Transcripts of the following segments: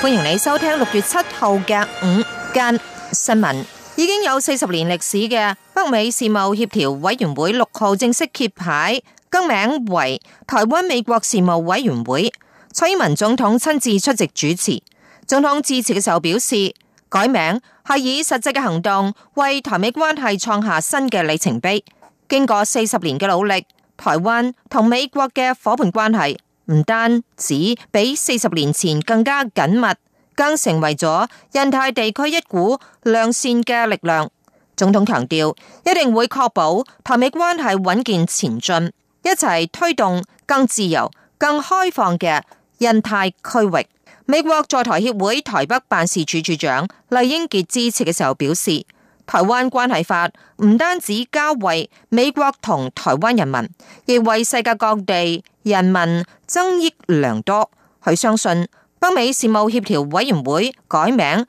歡迎你收聽六月七號嘅午間新聞。已經有四十年歷史嘅北美事務協調委員會六號正式揭牌，更名為台灣美國事務委員會。蔡英文總統親自出席主持，總統致辭嘅時候表示，改名係以實際嘅行動為台美關係創下新嘅里程碑。經過四十年嘅努力，台灣同美國嘅夥伴關係。唔單止比四十年前更加緊密，更成為咗印太地區一股良善嘅力量。總統強調，一定會確保台美關係穩健前進，一齊推動更自由、更開放嘅印太區域。美國在台協會台北辦事處處長酈英傑支持嘅時候表示，台灣關係法唔單止加惠美國同台灣人民，亦為世界各地，人民增益良多，佢相信北美事務協調委員會改名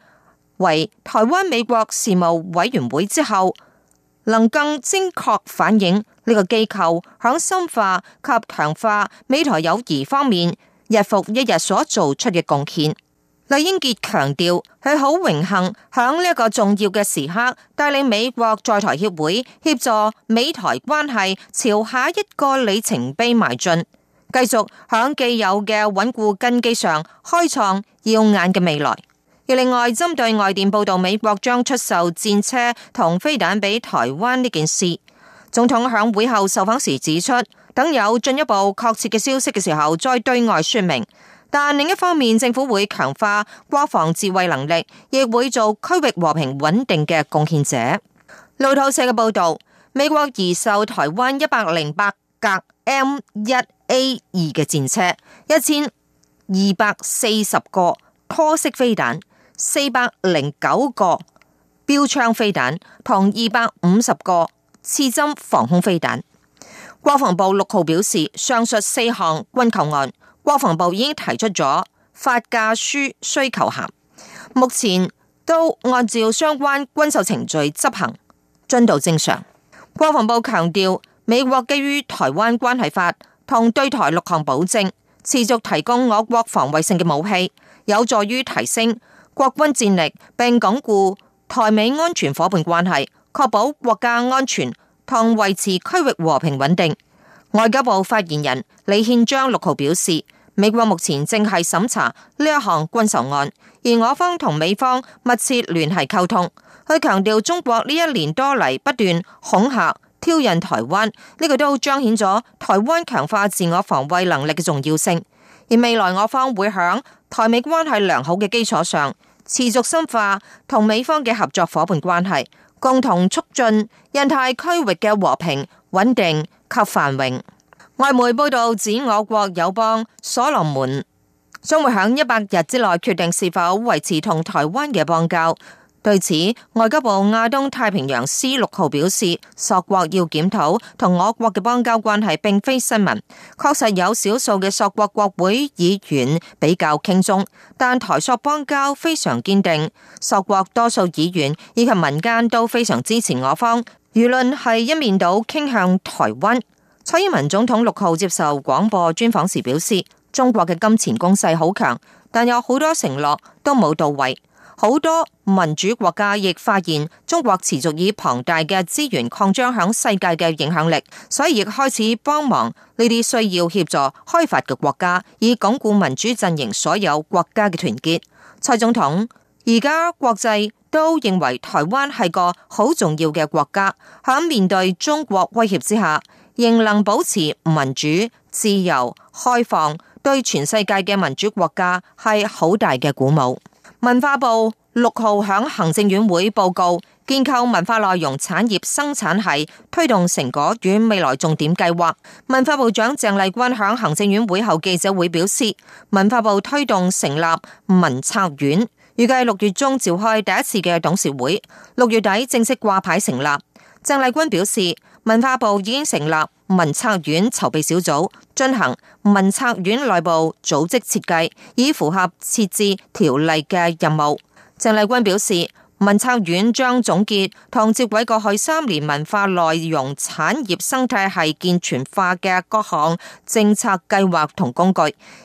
為台灣美國事務委員會之後，能更精確反映呢個機構響深化及強化美台友誼方面日復一日所做出嘅貢獻。酈英傑強調，佢好榮幸響呢一個重要嘅時刻帶領美國在台協會協助美台關係朝下一個里程碑邁進。繼續響既有嘅穩固根基上開創耀眼嘅未來。而另外，針對外電報道，美國將出售戰車同飛彈俾台灣呢件事，總統響會後受訪時指出，等有進一步確切嘅消息嘅時候再對外說明。但另一方面，政府會強化國防自衛能力，亦會做區域和平穩定嘅貢獻者。路透社嘅報道，美國移售台灣一百零八格 M 一。A 二嘅戰車一千二百四十個拖式飛彈，四百零九個標槍飛彈，同二百五十個刺針防空飛彈。國防部六號表示，上述四項軍購案，國防部已經提出咗發價書需求函，目前都按照相關軍售程序執行，進度正常。國防部強調，美國基於台灣關係法。同對台六項保證，持續提供我國防衛性嘅武器，有助於提升國軍戰力並鞏固台美安全伙伴關係，確保國家安全同維持區域和平穩定。外交部發言人李憲章六號表示，美國目前正係審查呢一項軍售案，而我方同美方密切聯繫溝通。佢強調，中國呢一年多嚟不斷恐嚇。挑釁台灣，呢個都彰顯咗台灣強化自我防衛能力嘅重要性，而未來我方會響台美關係良好嘅基礎上，持續深化同美方嘅合作夥伴關係，共同促進印太區域嘅和平、穩定及繁榮。外媒報道指，我國友邦所羅門將會響一百日之內決定是否維持同台灣嘅邦交。對此，外交部亞東太平洋司六號表示，索國要檢討同我國嘅邦交關係，並非新聞。確實有少數嘅索國國會議員比較傾中，但台索邦交非常堅定。索國多數議員以及民間都非常支持我方，輿論係一面倒傾向台灣。蔡英文總統六號接受廣播專訪時表示，中國嘅金錢攻勢好強，但有好多承諾都冇到位。好多民主國家亦發現中國持續以龐大嘅資源擴張響世界嘅影響力，所以亦開始幫忙呢啲需要協助開發嘅國家，以鞏固民主陣營所有國家嘅團結。蔡總統，而家國際都認為台灣係個好重要嘅國家，響面對中國威脅之下，仍能保持民主、自由、開放，對全世界嘅民主國家係好大嘅鼓舞。文化部六號向行政院會報告建構文化內容產業生產係推動成果與未來重點計劃。文化部長鄭麗君向行政院會後記者會表示，文化部推動成立文策院，預計六月中召開第一次嘅董事會，六月底正式掛牌成立。鄭麗君表示，文化部已經成立文策院籌備小組，進行文策院內部組織設計，以符合設置條例嘅任務。鄭麗君表示，文策院將總結同接偉過去三年文化內容產業生態系健全化嘅各項政策計劃同工具，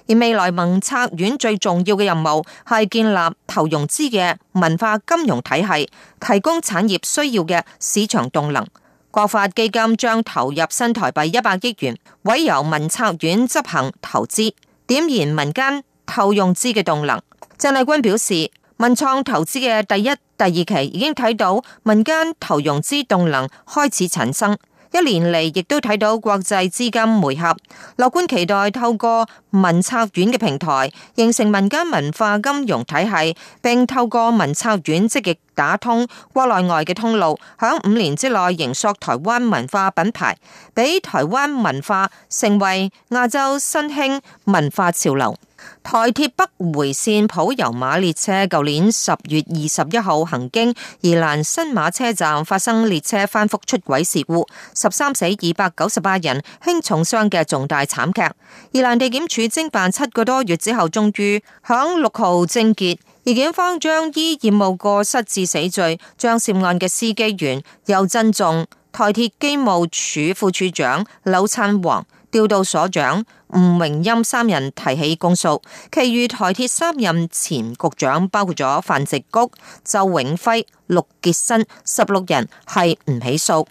而未來文策院最重要嘅任務係建立投融資嘅文化金融體系，提供產業需要嘅市場動能。國發基金將投入新台幣一百億元，委由民策院執行投資，點燃民間投融資嘅動能。鄭麗君表示，民創投資嘅第一、第二期已經睇到民間投融資動能開始產生。一年嚟亦都睇到國際資金匯合，樂觀期待透過文策院嘅平台，形成民間文化金融體系，並透過文策院積極打通國內外嘅通路，響五年之內營塑台灣文化品牌，俾台灣文化成為亞洲新興文化潮流。台鐵北回線普悠瑪列車舊年十月二十一號行經宜蘭新馬車站，發生列車翻覆出軌事故，十三死二百九十八人輕重傷嘅重大慘劇。宜蘭地檢署偵辦七個多月之後，終於響六號偵結，檢方將依業務過失致死罪，將涉案嘅司機員尤振仲，又增列台鐵機務處副處長柳燦煌。調到所長吳榮欽三人提起公訴，其餘台鐵三任前局長包括咗范植谷、周永輝、陸杰新，十六人係唔起訴。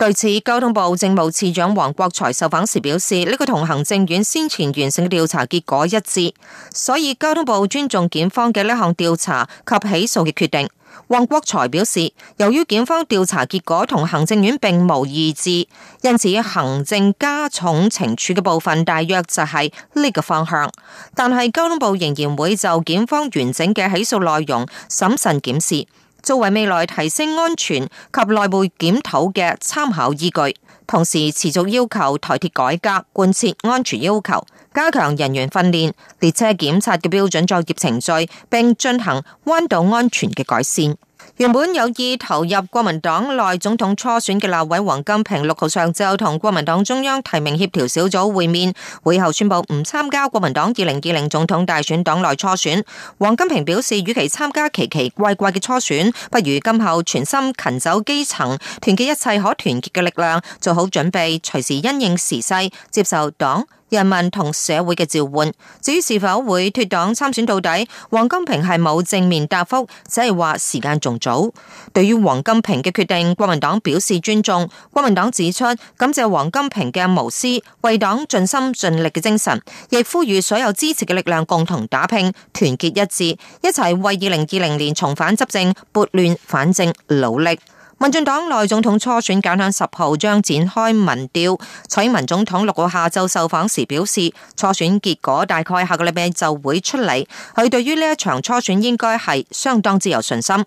對此，交通部政務次長黃國才受訪時表示，呢、這個同行政院先前完成調查結果一致，所以交通部尊重檢方嘅呢項調查及起訴嘅決定。黃國才表示，由於檢方調查結果同行政院並無二致，因此行政加重懲處嘅部分大約就係呢個方向，但係交通部仍然會就檢方完整嘅起訴內容審慎檢視，作為未來提升安全及內部檢討嘅參考依據，同時持續要求台鐵改革貫徹安全要求，加強人員訓練、列車檢查嘅標準作業程序，並進行彎道安全嘅改善。原本有意投入國民黨內總統初選嘅立委王金平，六號上晝同國民黨中央提名協調小組會面，會後宣佈唔參加國民黨二零二零總統大選黨內初選。王金平表示，與其參加奇奇怪怪嘅初選，不如今後全心勤走基層，團結一切可團結嘅力量，做好準備，隨時因應時勢，接受黨。人民同社會嘅召喚，至於是否會脱黨參選到底，王金平係冇正面答覆，只係話時間仲早。對於王金平嘅決定，國民黨表示尊重。國民黨指出，感謝王金平嘅無私，為黨盡心盡力嘅精神，亦呼籲所有支持嘅力量共同打拼，團結一致，一齊為二零二零年重返執政，撥亂反正努力。民進黨內總統初選簡響十號將展開民調。蔡英文總統六號下晝受訪時表示，初選結果大概下個禮拜就會出嚟。佢對於呢一場初選應該係相當之有信心。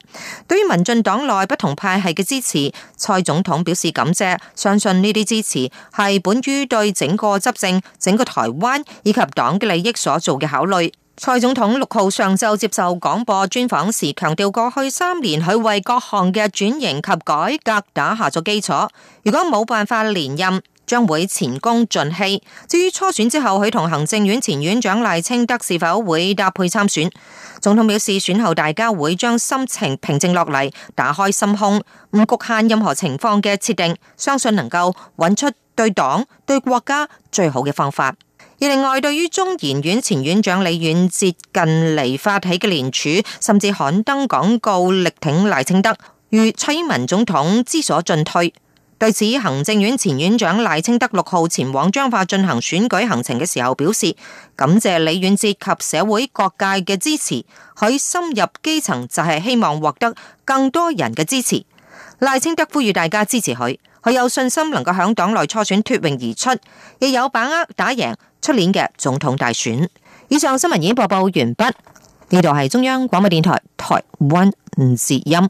對於民進黨內不同派系嘅支持，蔡總統表示感謝，相信呢啲支持係本於對整個執政、整個台灣以及黨嘅利益所做嘅考慮。蔡總統六號上晝接受廣播專訪時，強調過去三年佢為各項嘅轉型及改革打下咗基礎。如果冇辦法連任，將會前功盡棄。至於初選之後，佢同行政院前院長賴清德是否會搭配參選，總統表示選後大家會將心情平靜落嚟，打開心胸，唔局限任何情況嘅設定，相信能夠揾出對黨、對國家最好嘅方法。另外，對於中研院前院長李遠哲近嚟發起嘅連署，甚至刊登廣告力挺賴清德，籲蔡英文總統知所進退。對此，行政院前院長賴清德六號前往彰化進行選舉行程嘅時候表示，感謝李遠哲及社會各界嘅支持，佢深入基層就係希望獲得更多人嘅支持。賴清德呼籲大家支持佢。佢有信心能夠喺黨內初選脫穎而出，亦有把握打贏出年嘅總統大選。以上新聞已經播報完畢，呢度係中央廣播電台台灣之音。